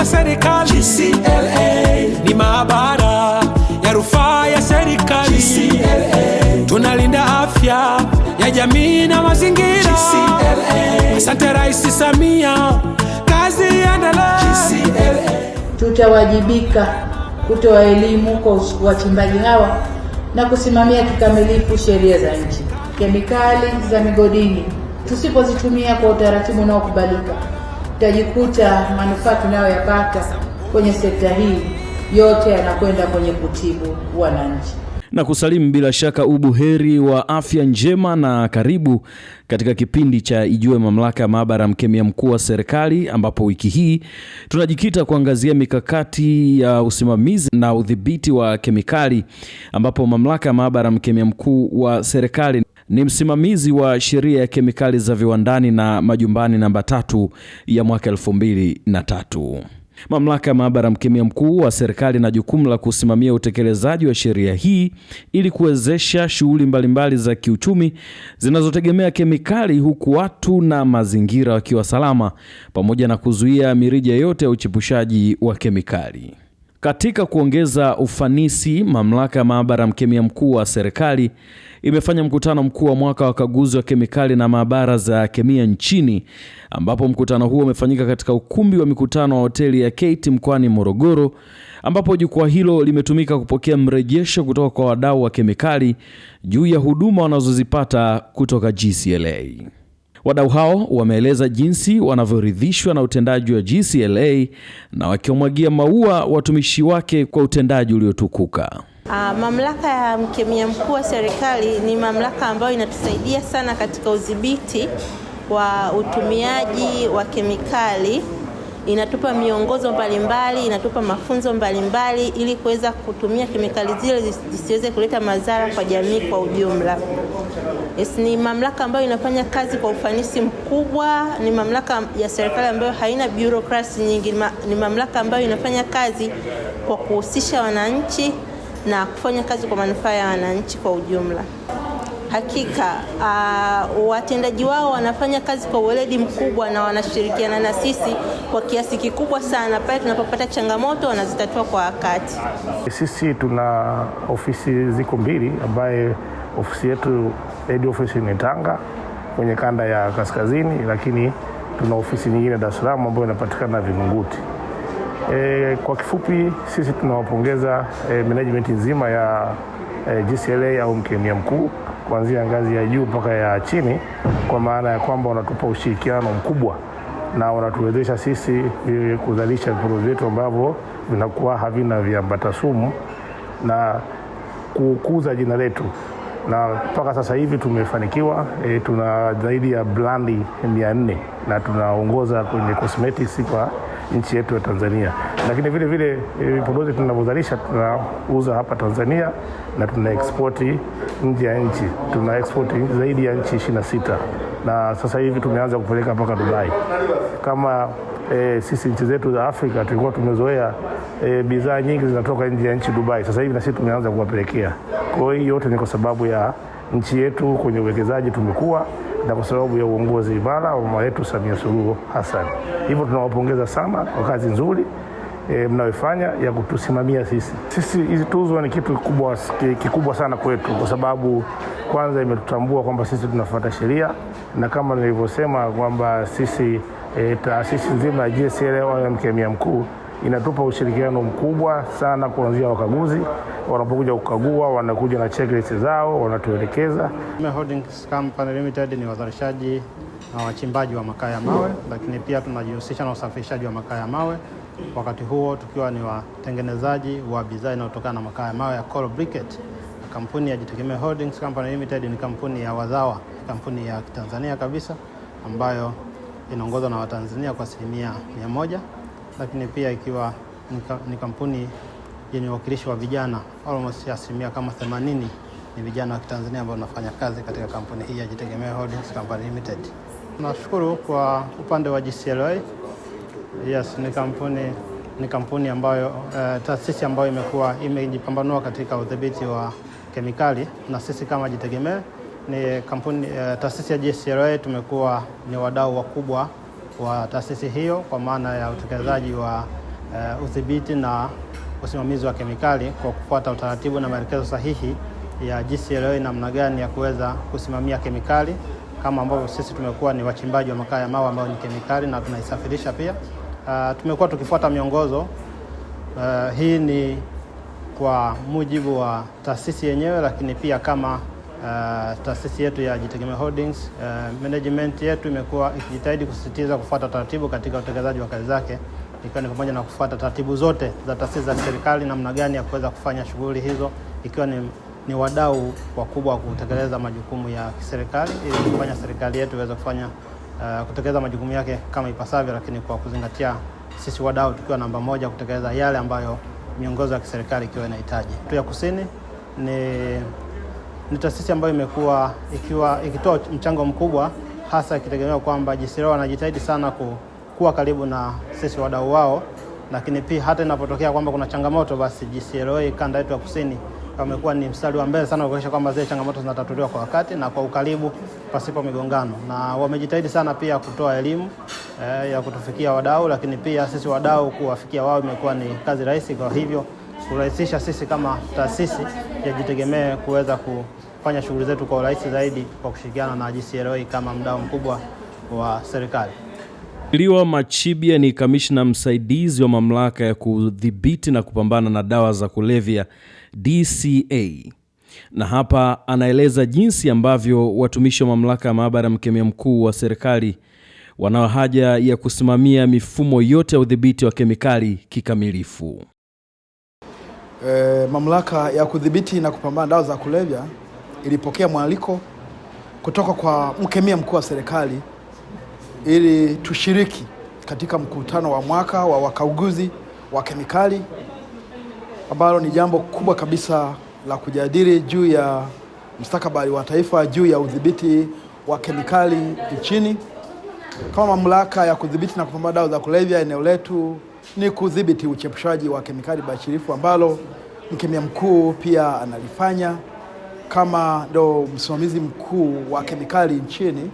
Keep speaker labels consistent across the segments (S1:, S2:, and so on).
S1: wa serikali GCLA. Ni maabara ya rufaa ya serikali GCLA. Tunalinda afya ya jamii na mazingira GCLA. Asante Rais Samia, kazi iendelee.
S2: Tutawajibika kutoa elimu kwa wachimbaji hawa na kusimamia kikamilifu sheria za nchi. Kemikali za migodini tusipozitumia kwa utaratibu unaokubalika tutajikuta manufaa tunayoyapata kwenye sekta hii yote yanakwenda kwenye kutibu wananchi
S3: na kusalimu bila shaka ubuheri wa afya njema, na karibu katika kipindi cha Ijue Mamlaka ya Maabara ya Mkemia Mkuu wa Serikali, ambapo wiki hii tunajikita kuangazia mikakati ya usimamizi na udhibiti wa kemikali, ambapo Mamlaka ya Maabara ya Mkemia Mkuu wa Serikali ni msimamizi wa sheria ya kemikali za viwandani na majumbani namba tatu ya mwaka elfu mbili na tatu. Mamlaka ya maabara mkemia mkuu wa serikali na jukumu la kusimamia utekelezaji wa sheria hii ili kuwezesha shughuli mbalimbali za kiuchumi zinazotegemea kemikali, huku watu na mazingira wakiwa salama, pamoja na kuzuia mirija yote ya uchepushaji wa kemikali. Katika kuongeza ufanisi, mamlaka ya maabara mkemia mkuu wa serikali imefanya mkutano mkuu wa mwaka wa kaguzi wa kemikali na maabara za kemia nchini, ambapo mkutano huo umefanyika katika ukumbi wa mikutano wa hoteli ya Kate mkoani Morogoro, ambapo jukwaa hilo limetumika kupokea mrejesho kutoka kwa wadau wa kemikali juu ya huduma wanazozipata kutoka GCLA. Wadau hao wameeleza jinsi wanavyoridhishwa na utendaji wa GCLA na wakiomwagia maua watumishi wake kwa utendaji uliotukuka.
S4: Uh, mamlaka ya mkemia mkuu wa serikali ni mamlaka ambayo inatusaidia sana katika udhibiti wa utumiaji wa kemikali. Inatupa miongozo mbalimbali, inatupa mafunzo mbalimbali ili kuweza kutumia kemikali zile zisiweze kuleta madhara kwa jamii kwa ujumla. Yes, ni mamlaka ambayo inafanya kazi kwa ufanisi mkubwa. Ni mamlaka ya serikali ambayo haina bureaucracy nyingi. Ni mamlaka ambayo inafanya kazi kwa kuhusisha wananchi na kufanya kazi kwa manufaa ya wananchi kwa ujumla. Hakika uh, watendaji wao wanafanya kazi kwa uweledi mkubwa na wanashirikiana na sisi kwa kiasi kikubwa sana. Pale tunapopata changamoto wanazitatua kwa wakati.
S5: Sisi tuna ofisi ziko mbili, ambaye ofisi yetu head office ni Tanga kwenye kanda ya kaskazini, lakini tuna ofisi nyingine Dar es Salaam ambayo inapatikana Vingunguti. E, kwa kifupi sisi tunawapongeza e, management nzima ya e, eh, GCLA au mkemia mkuu kuanzia ngazi ya juu mpaka ya chini, kwa maana ya kwamba wanatupa ushirikiano mkubwa na wanatuwezesha sisi e, kuzalisha viporo vyetu ambavyo vinakuwa havina viambata sumu na kukuza jina letu na mpaka sasa hivi tumefanikiwa e, tuna zaidi ya brandi mia nne na tunaongoza kwenye cosmetics kwa nchi yetu ya Tanzania, lakini vile vile eh, vipodozi tunavyozalisha tunauza hapa Tanzania na tuna ekspoti nje ya nchi. Tuna ekspoti zaidi ya nchi sita na sasa hivi tumeanza kupeleka mpaka Dubai. Kama e, sisi nchi zetu za Afrika tulikuwa tumezoea e, bidhaa nyingi zinatoka nje ya nchi Dubai, sasa hivi na sisi tumeanza kuwapelekea. Kwa hiyo yote ni kwa sababu ya nchi yetu, kwenye uwekezaji tumekuwa na kwa sababu ya uongozi imara wa mama yetu Samia Suluhu Hassan. Hivyo tunawapongeza sana kwa kazi nzuri E, mnayoifanya ya kutusimamia sisi sisi. Hizi tuzo ni kitu kikubwa, kikubwa sana kwetu, kwa sababu kwanza imetutambua kwamba sisi tunafuata sheria na kama nilivyosema kwamba sisi e, taasisi nzima ya GSL au mkemia mkuu inatupa ushirikiano mkubwa sana, kuanzia wakaguzi wanapokuja kukagua, wanakuja na checklist zao, wanatuelekeza.
S6: Holdings Company Limited ni wazalishaji na wachimbaji wa makaa ya mawe, lakini pia tunajihusisha na usafirishaji wa makaa ya mawe, wakati huo tukiwa ni watengenezaji wa bidhaa inayotokana na makaa ya mawe ya coal briquette. Kampuni ya Jitegemea Holdings Company Limited ni kampuni ya wazawa, kampuni ya Tanzania kabisa ambayo inaongozwa na Watanzania kwa asilimia mia moja lakini pia ikiwa ni kampuni yenye uwakilishi wa vijana almost asilimia kama 80 ni vijana wa Kitanzania ambao wanafanya kazi katika kampuni hii ya Jitegemea Holdings Company Limited. Nashukuru kwa upande wa GCLA. Yes, ni kampuni ni kampuni ambayo uh, taasisi ambayo imekuwa imejipambanua katika udhibiti wa kemikali na sisi kama Jitegemee ni kampuni uh, taasisi ya GCLA tumekuwa ni wadau wakubwa wa taasisi hiyo kwa maana ya utekelezaji wa uh, udhibiti na usimamizi wa kemikali kwa kufuata utaratibu na maelekezo sahihi ya GCLA namna gani ya kuweza kusimamia kemikali kama ambavyo sisi tumekuwa ni wachimbaji wa makaa ya mawe ambayo ni kemikali na tunaisafirisha pia. Uh, tumekuwa tukifuata miongozo uh, hii ni kwa mujibu wa taasisi yenyewe, lakini pia kama uh, taasisi yetu ya Jitegemea Holdings uh, management yetu imekuwa ikijitahidi kusisitiza kufuata taratibu katika utekelezaji wa kazi zake ikiwa ni pamoja na kufuata taratibu zote za taasisi za serikali, namna gani ya kuweza kufanya shughuli hizo, ikiwa ni, ni wadau wakubwa wa kutekeleza majukumu ya serikali ili kufanya serikali yetu iweze kufanya uh, kutekeleza majukumu yake kama ipasavyo, lakini kwa kuzingatia sisi wadau tukiwa namba moja kutekeleza yale ambayo miongozo ya kiserikali ikiwa inahitaji. Tu ya kusini ni ni taasisi ambayo imekuwa ikiwa ikitoa mchango mkubwa, hasa ikitegemea kwamba JCCIRO wanajitahidi sana ku, kuwa karibu na sisi wadau wao, lakini pia hata inapotokea kwamba kuna changamoto, basi JCCIRO kanda yetu ya kusini wamekuwa ni mstari wa mbele sana kuhakikisha kwamba zile changamoto zinatatuliwa kwa wakati na kwa ukaribu pasipo migongano, na wamejitahidi sana pia kutoa elimu eh, ya kutufikia wadau, lakini pia sisi wadau kuwafikia wao imekuwa ni kazi rahisi, kwa hivyo kurahisisha sisi kama taasisi ya Jitegemee kuweza kufanya shughuli zetu kwa urahisi zaidi kwa kushirikiana na JCLA kama mdau mkubwa wa serikali.
S3: Liwa Machibia ni kamishna msaidizi wa mamlaka ya kudhibiti na kupambana na dawa za kulevya DCA, na hapa anaeleza jinsi ambavyo watumishi wa mamlaka ya maabara mkemia mkuu wa serikali wanao haja ya kusimamia mifumo yote ya udhibiti wa kemikali kikamilifu
S7: e, Mamlaka ya Kudhibiti na Kupambana Dawa za Kulevya ilipokea mwaliko kutoka kwa mkemia mkuu wa serikali ili tushiriki katika mkutano wa mwaka wa wakaguzi wa kemikali ambalo ni jambo kubwa kabisa la kujadili juu ya mustakabali wa taifa juu ya udhibiti wa kemikali nchini. Kama mamlaka ya kudhibiti na kupambana dawa za kulevya eneo letu ni kudhibiti uchepushaji wa kemikali bashirifu ambalo mkemia mkuu pia analifanya kama ndo msimamizi mkuu wa kemikali nchini.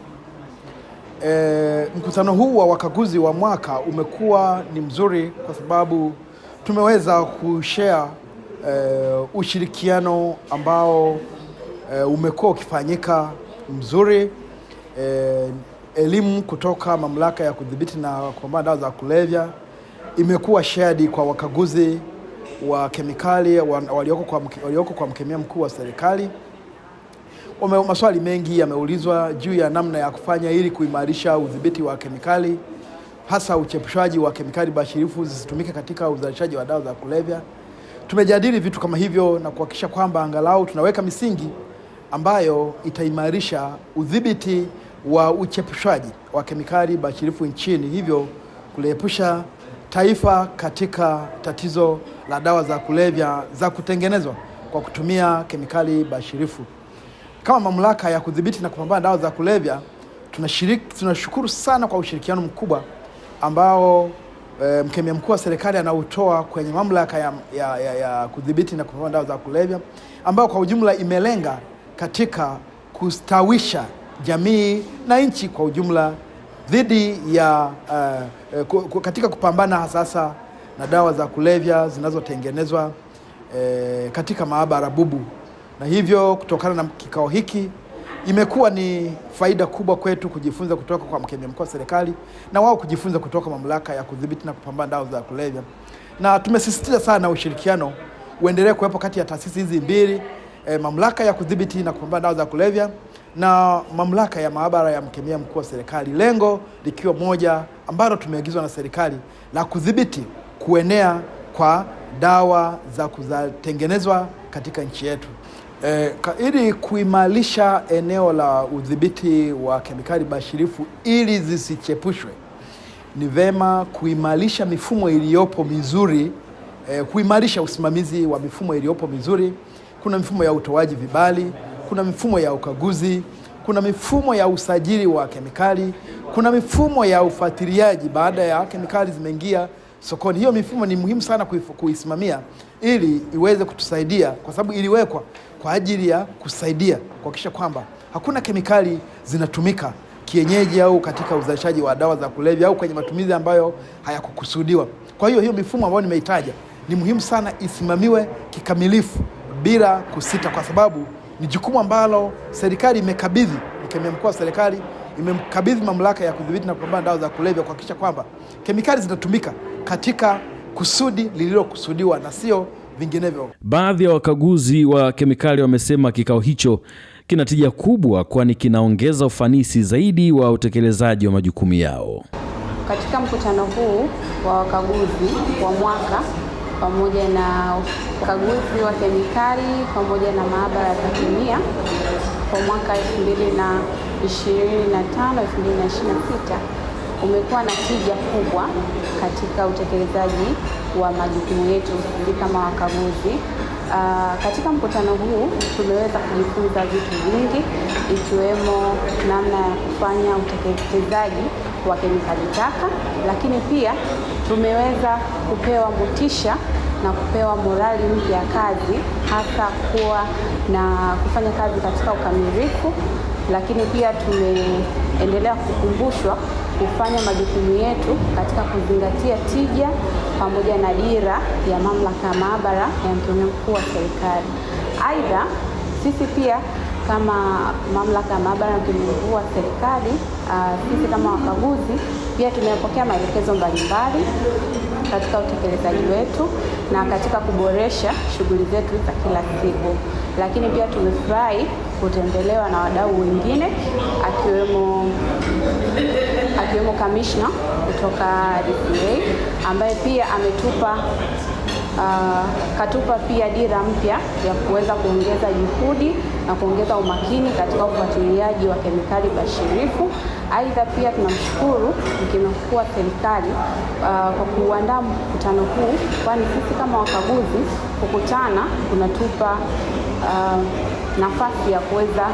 S7: E, mkutano huu wa wakaguzi wa mwaka umekuwa ni mzuri kwa sababu tumeweza kushare e, ushirikiano ambao e, umekuwa ukifanyika mzuri e, elimu kutoka mamlaka ya kudhibiti na kupambana dawa za kulevya imekuwa shared kwa wakaguzi wa kemikali walioko kwa, walioko kwa mkemia mkuu wa serikali. Maswali mengi yameulizwa juu ya namna ya kufanya ili kuimarisha udhibiti wa kemikali, hasa uchepushaji wa kemikali bashirifu zisitumike katika uzalishaji wa dawa za kulevya. Tumejadili vitu kama hivyo na kuhakikisha kwamba angalau tunaweka misingi ambayo itaimarisha udhibiti wa uchepushaji wa kemikali bashirifu nchini, hivyo kuliepusha taifa katika tatizo la dawa za kulevya za kutengenezwa kwa kutumia kemikali bashirifu. Kama mamlaka ya kudhibiti na kupambana dawa za kulevya tunashiriki, tunashukuru sana kwa ushirikiano mkubwa ambao e, mkemia mkuu wa serikali anautoa kwenye mamlaka ya, ya, ya, ya kudhibiti na kupambana dawa za kulevya ambayo kwa ujumla imelenga katika kustawisha jamii na nchi kwa ujumla dhidi ya uh, katika kupambana sasa na dawa za kulevya zinazotengenezwa uh, katika maabara bubu, na hivyo kutokana na kikao hiki imekuwa ni faida kubwa kwetu kujifunza kutoka kwa mkemia mkuu wa serikali na wao kujifunza kutoka mamlaka ya kudhibiti na kupambana dawa za kulevya, na tumesisitiza sana ushirikiano uendelee kuwepo kati ya taasisi hizi mbili e, mamlaka ya kudhibiti na kupambana dawa za kulevya na mamlaka ya maabara ya mkemia mkuu wa serikali, lengo likiwa moja ambalo tumeagizwa na serikali la kudhibiti kuenea kwa dawa za kuzatengenezwa katika nchi yetu. E, ili kuimarisha eneo la udhibiti wa kemikali bashirifu ili zisichepushwe, ni vema kuimarisha mifumo iliyopo mizuri e, kuimarisha usimamizi wa mifumo iliyopo mizuri. Kuna mifumo ya utoaji vibali kuna mifumo ya ukaguzi, kuna mifumo ya usajili wa kemikali, kuna mifumo ya ufuatiliaji baada ya kemikali zimeingia sokoni. Hiyo mifumo ni muhimu sana kuisimamia ili iweze kutusaidia, kwa sababu iliwekwa kwa ajili ya kusaidia kuhakikisha kwamba hakuna kemikali zinatumika kienyeji au katika uzalishaji wa dawa za kulevya au kwenye matumizi ambayo hayakukusudiwa. Kwa hiyo hiyo mifumo ambayo nimeitaja ni muhimu sana isimamiwe kikamilifu bila kusita, kwa sababu ni jukumu ambalo serikali imekabidhi, mkemia mkuu wa serikali imemkabidhi mamlaka ya kudhibiti na kupambana dawa za kulevya kuhakikisha kwamba kemikali zinatumika katika kusudi lililokusudiwa na sio vinginevyo.
S3: Baadhi ya wakaguzi wa kemikali wamesema kikao hicho kina tija kubwa, kwani kinaongeza ufanisi zaidi wa utekelezaji wa majukumu yao.
S8: Katika mkutano huu wa wakaguzi wa mwaka pamoja na ukaguzi wa kemikali pamoja na maabara ya takimia kwa mwaka 2025 2026 umekuwa na tija kubwa katika utekelezaji wa majukumu yetu kama wakaguzi. Uh, katika mkutano huu tumeweza kujifunza vitu vingi ikiwemo namna ya kufanya utekelezaji kwa kemikali taka, lakini pia tumeweza kupewa motisha na kupewa morali mpya ya kazi, hasa kuwa na kufanya kazi katika ukamilifu, lakini pia tumeendelea kukumbushwa kufanya majukumu yetu katika kuzingatia tija pamoja na dira ya mamlaka ya maabara ya mtumia mkuu wa serikali. Aidha, sisi pia kama mamlaka ya maabara ya mtumia mkuu wa serikali Ah, sisi kama wakaguzi pia tumepokea maelekezo mbalimbali katika utekelezaji wetu na katika kuboresha shughuli zetu za kila siku, lakini pia tumefurahi kutembelewa na wadau wengine akiwemo akiwemo kamishna kutoka DCA ambaye pia ametupa uh, katupa pia dira mpya ya kuweza kuongeza juhudi na kuongeza umakini katika ufuatiliaji wa kemikali bashirifu. Aidha, pia tunamshukuru mgeni mkuu wa serikali uh, kwa kuandaa mkutano huu, kwani sisi kama wakaguzi kukutana kunatupa uh, nafasi ya kuweza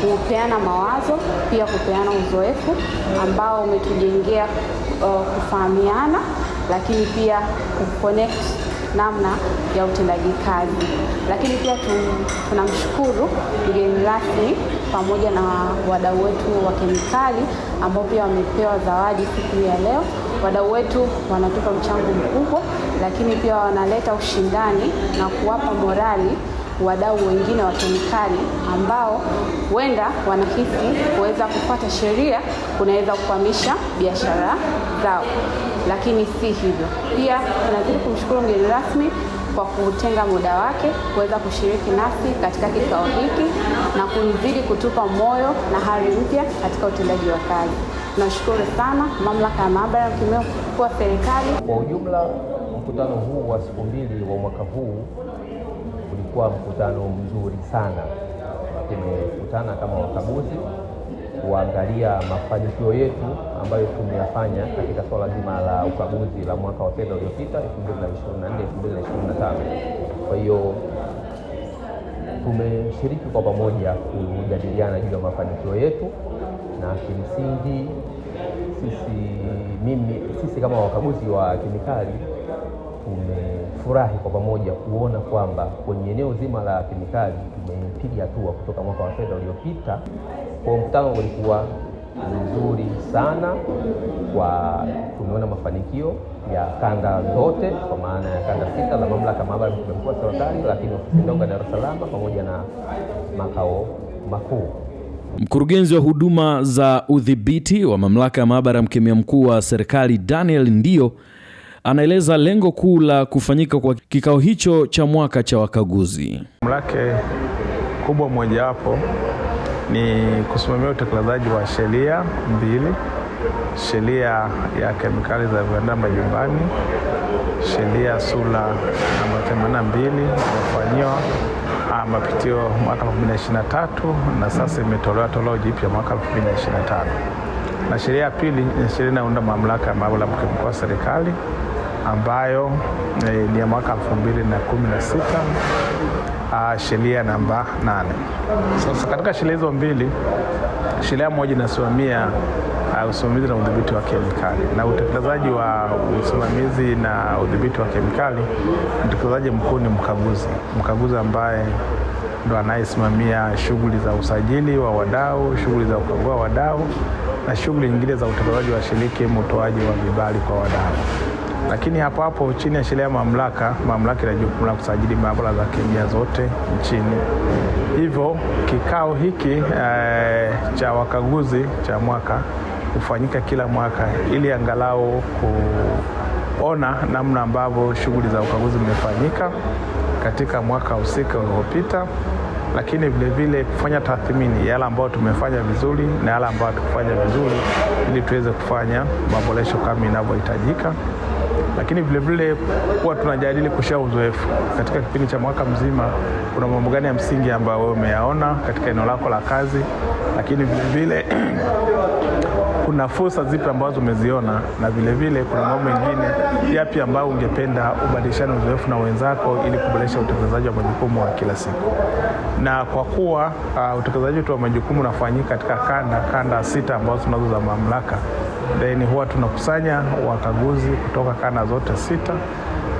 S8: kupeana mawazo, pia kupeana uzoefu ambao umetujengea uh, kufahamiana, lakini pia kuconnect namna ya utendaji kazi. Lakini pia tunamshukuru mgeni rasmi pamoja na wadau wetu wa kemikali ambao pia wamepewa zawadi siku ya leo. Wadau wetu wanatupa mchango mkubwa, lakini pia wanaleta ushindani na kuwapa morali wadau wengine wa kemikali ambao huenda wanahisi kuweza kupata sheria kunaweza kukwamisha biashara zao, lakini si hivyo. Pia tunazidi kumshukuru mgeni rasmi kwa kutenga muda wake kuweza kushiriki nasi katika kikao hiki na kuzidi kutupa moyo na hali mpya katika utendaji wa kazi. Tunashukuru sana Mamlaka ya Maabara ya Ukimwi kwa serikali
S9: kwa ujumla. Mkutano huu wa siku mbili wa mwaka huu ulikuwa mkutano mzuri sana. Tumekutana kama wakaguzi kuangalia mafanikio yetu ambayo tumeyafanya katika swala zima la ukaguzi la mwaka wa fedha uliopita 2024 2025. Kwa hiyo tumeshiriki kwa pamoja kujadiliana juu ya mafanikio yetu, na kimsingi sisi, mimi, sisi kama wakaguzi wa kemikali tumefurahi kwa pamoja kuona kwamba kwenye eneo zima la kemikali tumepiga hatua kutoka mwaka wa fedha uliopita kwa mkutano ulikuwa mzuri sana kwa, tumeona mafanikio ya kanda zote kwa maana ya kanda sita za mamlaka maabara mkuu serikali, lakini ofisi ndogo ya Dar es Salaam pamoja na makao makuu.
S3: Mkurugenzi wa huduma za udhibiti wa mamlaka ya maabara ya mkemia mkuu wa serikali Daniel Ndio anaeleza lengo kuu la kufanyika kwa kikao hicho cha mwaka cha wakaguzi.
S10: Mamlaka kubwa mojawapo ni kusimamia utekelezaji wa sheria mbili, sheria ya kemikali za viwanda majumbani, sheria sura namba 82 imefanyiwa ah, mapitio mwaka 2023 na sasa imetolewa toleo jipya mwaka 2025. Na sheria ya pili ni sheria inaunda mamlaka ya maabara mkuu wa serikali ambayo eh, ni ya mwaka 2016 Ah, sheria namba nane. Sasa katika sheria hizo mbili, sheria moja inasimamia uh, usimamizi na udhibiti wa kemikali na utekelezaji wa usimamizi na udhibiti wa kemikali, mtekelezaji mkuu ni mkaguzi, mkaguzi ambaye ndo anayesimamia shughuli za usajili wa wadau, shughuli za kukagua wadau na shughuli nyingine za utekelezaji wa shiriki, utoaji wa vibali kwa wadau. Lakini hapo hapo chini ya sheria ya mamlaka, mamlaka ina jukumu la kusajili maabara za kemia zote nchini. Hivyo kikao hiki e, cha wakaguzi cha mwaka hufanyika kila mwaka ili angalau kuona namna ambavyo shughuli za ukaguzi zimefanyika katika mwaka husika uliopita, lakini vilevile kufanya tathmini yale ambayo tumefanya vizuri na yale ambayo hatukufanya vizuri, ili tuweze kufanya maboresho kama inavyohitajika lakini vilevile huwa tunajadili kushia uzoefu katika kipindi cha mwaka mzima. Kuna mambo gani ya msingi ambayo wewe umeyaona katika eneo lako la kazi, lakini vilevile kuna fursa zipi ambazo umeziona, na vilevile kuna mambo mengine yapi ambayo ungependa ubadilishane uzoefu na wenzako ili kuboresha utekelezaji wa majukumu wa kila siku. Na kwa kuwa uh, utekelezaji wetu wa majukumu unafanyika katika kanda kanda sita ambazo tunazo za mamlaka then huwa tunakusanya wakaguzi kutoka kana zote sita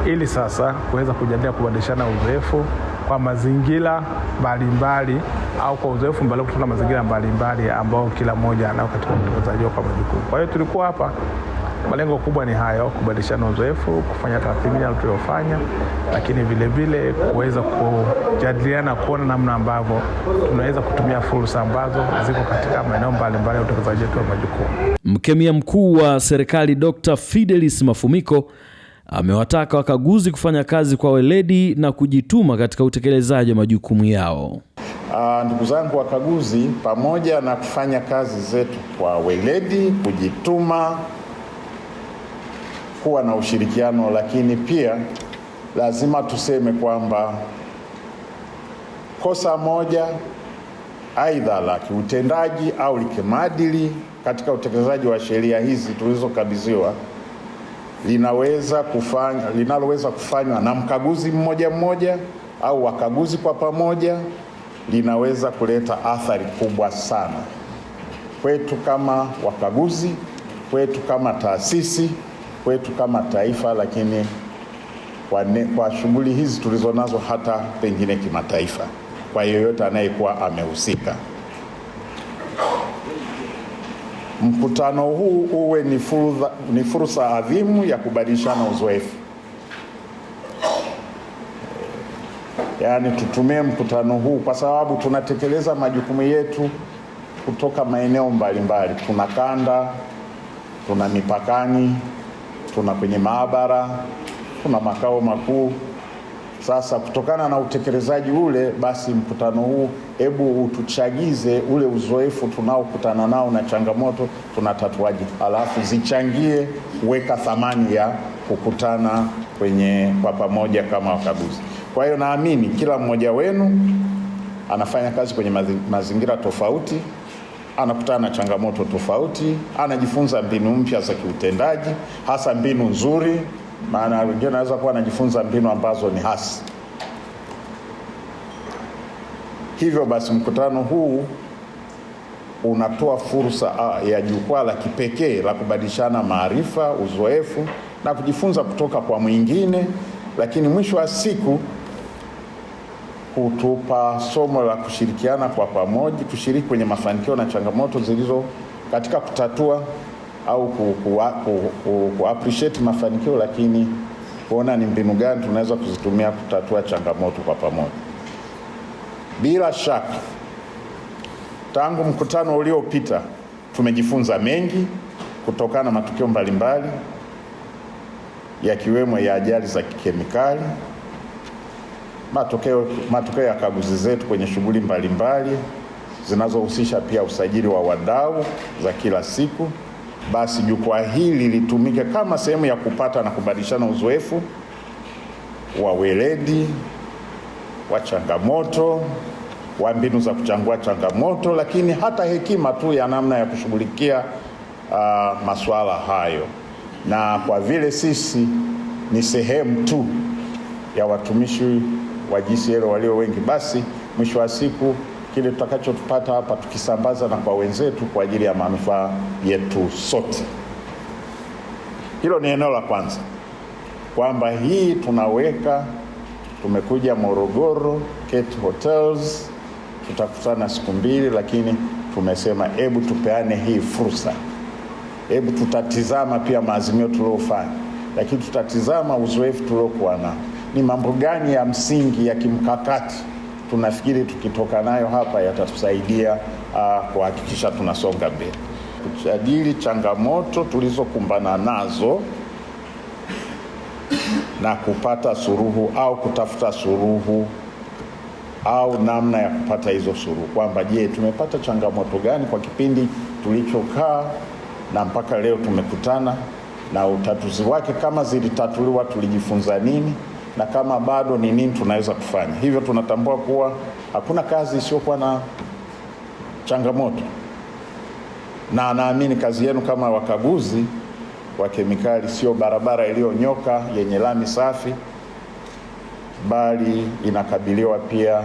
S10: ili sasa kuweza kujadilia kubadilishana uzoefu kwa mazingira mbalimbali au kwa uzoefu mbalimbali kutoka mazingira mbalimbali ambao kila mmoja anao katika utekelezaji kwa majukumu. Kwa hiyo tulikuwa hapa Malengo kubwa ni hayo, kubadilishana uzoefu, kufanya tathmini tuliyofanya, lakini vilevile kuweza kujadiliana, kuona namna ambavyo tunaweza kutumia fursa ambazo ziko katika maeneo mbalimbali ya utekelezaji wetu wa majukumu.
S3: Mkemia mkuu wa serikali Dr. Fidelis Mafumiko amewataka wakaguzi kufanya kazi kwa weledi na kujituma katika utekelezaji wa majukumu yao.
S11: Uh, ndugu zangu wakaguzi, pamoja na kufanya kazi zetu kwa weledi, kujituma kuwa na ushirikiano, lakini pia lazima tuseme kwamba kosa moja aidha la kiutendaji au likimaadili katika utekelezaji wa sheria hizi tulizokabidhiwa linaweza kufanya linaloweza kufanywa na mkaguzi mmoja mmoja au wakaguzi kwa pamoja linaweza kuleta athari kubwa sana kwetu kama wakaguzi, kwetu kama taasisi kwetu kama taifa, lakini kwa, kwa shughuli hizi tulizonazo hata pengine kimataifa, kwa yeyote anayekuwa amehusika. Mkutano huu uwe ni fursa adhimu ya kubadilishana uzoefu, yaani tutumie mkutano huu kwa sababu tunatekeleza majukumu yetu kutoka maeneo mbalimbali, tuna kanda, tuna mipakani tuna kwenye maabara, tuna makao makuu. Sasa kutokana na utekelezaji ule, basi mkutano huu hebu utuchagize ule uzoefu tunaokutana nao na changamoto tunatatuaje, alafu zichangie kuweka thamani ya kukutana kwenye kwa pamoja kama wakaguzi. Kwa hiyo naamini kila mmoja wenu anafanya kazi kwenye mazingira tofauti anakutana na changamoto tofauti, anajifunza mbinu mpya za kiutendaji, hasa mbinu nzuri, maana wengine anaweza kuwa anajifunza mbinu ambazo ni hasi. Hivyo basi mkutano huu unatoa fursa ya jukwaa la kipekee la kubadilishana maarifa, uzoefu na kujifunza kutoka kwa mwingine, lakini mwisho wa siku kutupa somo la kushirikiana kwa pamoja, kushiriki kwenye mafanikio na changamoto zilizo katika kutatua au ku, ku, ku, ku, ku appreciate mafanikio, lakini kuona ni mbinu gani tunaweza kuzitumia kutatua changamoto kwa pamoja. Bila shaka tangu mkutano uliopita tumejifunza mengi kutokana na matukio mbalimbali yakiwemo ya ajali za kikemikali matokeo, matokeo ya kaguzi zetu kwenye shughuli mbalimbali zinazohusisha pia usajili wa wadau za kila siku, basi jukwaa hili litumike kama sehemu ya kupata na kubadilishana uzoefu wa weledi wa changamoto wa mbinu za kuchangua changamoto, lakini hata hekima tu ya namna ya kushughulikia uh, masuala hayo. Na kwa vile sisi ni sehemu tu ya watumishi wa GCL walio wengi, basi mwisho wa siku kile tutakachotupata hapa tukisambaza na kwa wenzetu kwa ajili ya manufaa yetu sote. Hilo ni eneo la kwanza, kwamba hii tunaweka tumekuja Morogoro Kate Hotels, tutakutana siku mbili, lakini tumesema hebu tupeane hii fursa, hebu tutatizama pia maazimio tuliofanya, lakini tutatizama uzoefu tuliokuwa nao ni mambo gani ya msingi ya kimkakati tunafikiri tukitoka nayo hapa yatatusaidia uh, kuhakikisha tunasonga mbele, kujadili changamoto tulizokumbana nazo na kupata suruhu au kutafuta suruhu au namna ya kupata hizo suruhu kwamba je, tumepata changamoto gani kwa kipindi tulichokaa na mpaka leo tumekutana na utatuzi wake, kama zilitatuliwa tulijifunza nini? na kama bado ni nini tunaweza kufanya. Hivyo tunatambua kuwa hakuna kazi isiyokuwa na changamoto, na naamini kazi yenu kama wakaguzi wa kemikali sio barabara iliyonyoka yenye lami safi, bali inakabiliwa pia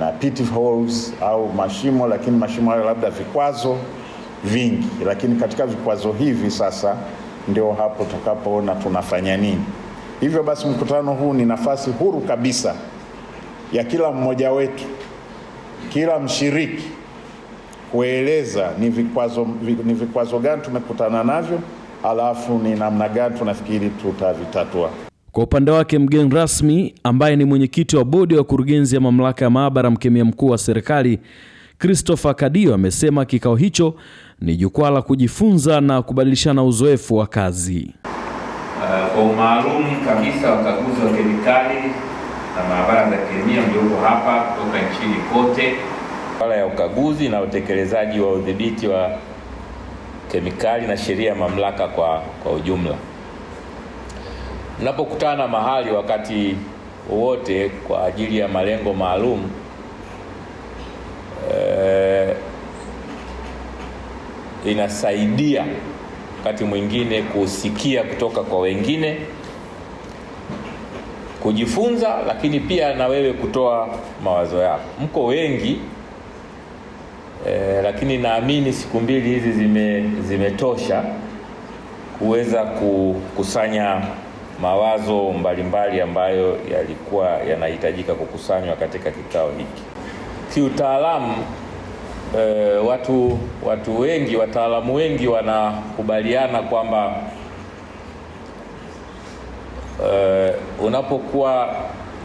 S11: na holes au mashimo, lakini mashimo hayo labda vikwazo vingi, lakini katika vikwazo hivi sasa ndio hapo tutakapoona tunafanya nini. Hivyo basi, mkutano huu ni nafasi huru kabisa ya kila mmoja wetu, kila mshiriki kueleza ni vikwazo, ni vikwazo gani tumekutana navyo, alafu ni namna gani tunafikiri tutavitatua.
S3: Kwa upande wake mgeni rasmi ambaye ni mwenyekiti wa bodi ya wakurugenzi ya mamlaka ya maabara mkemia mkuu wa serikali Christopher Kadio amesema kikao hicho ni jukwaa la kujifunza na kubadilishana uzoefu wa kazi.
S12: Eh, kwa umaalum kabisa wakaguzi wa kemikali na maabara za kemia mlioko hapa kutoka nchini kote, Wala ya ukaguzi na utekelezaji wa udhibiti wa kemikali na sheria ya mamlaka kwa, kwa ujumla. Mnapokutana mahali wakati wote kwa ajili ya malengo maalum eh, inasaidia wakati mwingine kusikia kutoka kwa wengine, kujifunza, lakini pia na wewe kutoa mawazo yako. Mko wengi eh, lakini naamini siku mbili hizi zime zimetosha kuweza kukusanya mawazo mbalimbali mbali ambayo yalikuwa yanahitajika kukusanywa katika kikao hiki kiutaalamu e, watu watu wengi wataalamu wengi wanakubaliana kwamba e, unapokuwa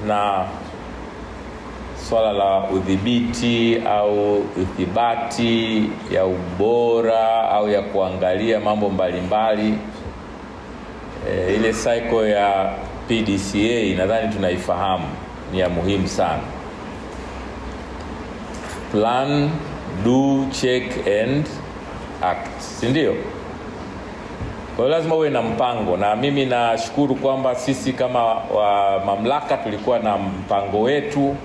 S12: na swala la udhibiti au ithibati ya ubora au ya kuangalia mambo mbalimbali mbali. Eh, e, ile cycle ya PDCA nadhani tunaifahamu, ni ya muhimu sana plan do check and act, si ndio? Kwa hiyo lazima uwe na mpango, na mimi nashukuru kwamba sisi kama wa mamlaka tulikuwa na mpango wetu,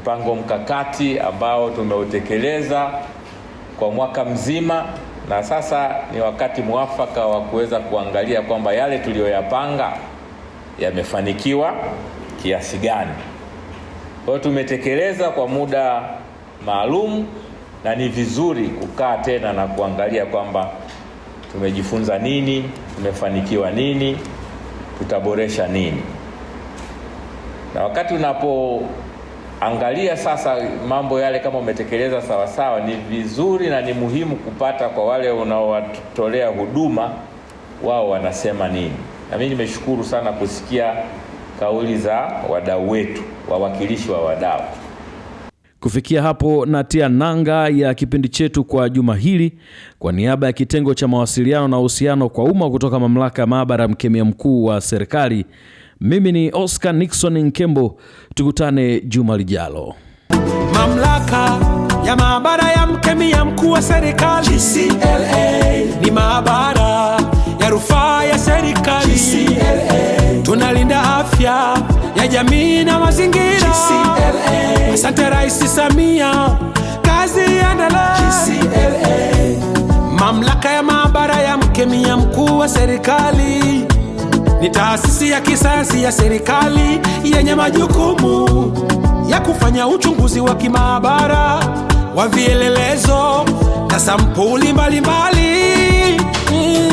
S12: mpango mkakati ambao tumeutekeleza kwa mwaka mzima, na sasa ni wakati mwafaka wa kuweza kuangalia kwamba yale tuliyoyapanga yamefanikiwa kiasi gani. Kwa tumetekeleza kwa muda maalum na ni vizuri kukaa tena na kuangalia kwamba tumejifunza nini, tumefanikiwa nini, tutaboresha nini. Na wakati unapoangalia sasa mambo yale kama umetekeleza sawasawa, ni vizuri na ni muhimu kupata kwa wale unaowatolea huduma wao wanasema nini. Na mimi nimeshukuru sana kusikia kauli za wadau wetu, wawakilishi wa wadau.
S3: Kufikia hapo natia nanga ya kipindi chetu kwa juma hili. Kwa niaba ya kitengo cha mawasiliano na uhusiano kwa umma kutoka mamlaka ya maabara ya mkemia mkuu wa serikali, mimi ni Oscar Nixon Nkembo. Tukutane juma lijalo.
S1: Mamlaka ya maabara ya mkemia mkuu wa serikali GCLA ni maabara ya rufaa ya serikali GCLA, tunalinda afya ya jamii na mazingira. Asante Rais Samia, kazi iendelee. Mamlaka ya maabara ya mkemia mkuu wa serikali ni taasisi ya kisayansi ya serikali yenye majukumu ya kufanya uchunguzi wa kimaabara wa vielelezo na sampuli mbalimbali mbali. Mm.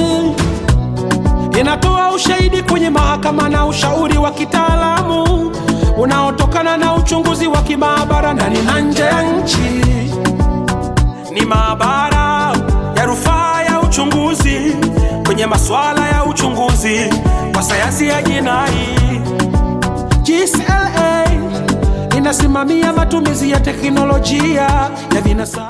S1: Inatoa ushahidi kwenye mahakama na ushauri wa kitaalamu unaotokana na uchunguzi wa kimaabara ndani na nje ya nchi. Ni maabara ya rufaa ya uchunguzi kwenye masuala ya uchunguzi kwa sayansi ya jinai. GCLA inasimamia matumizi ya teknolojia ya vinasa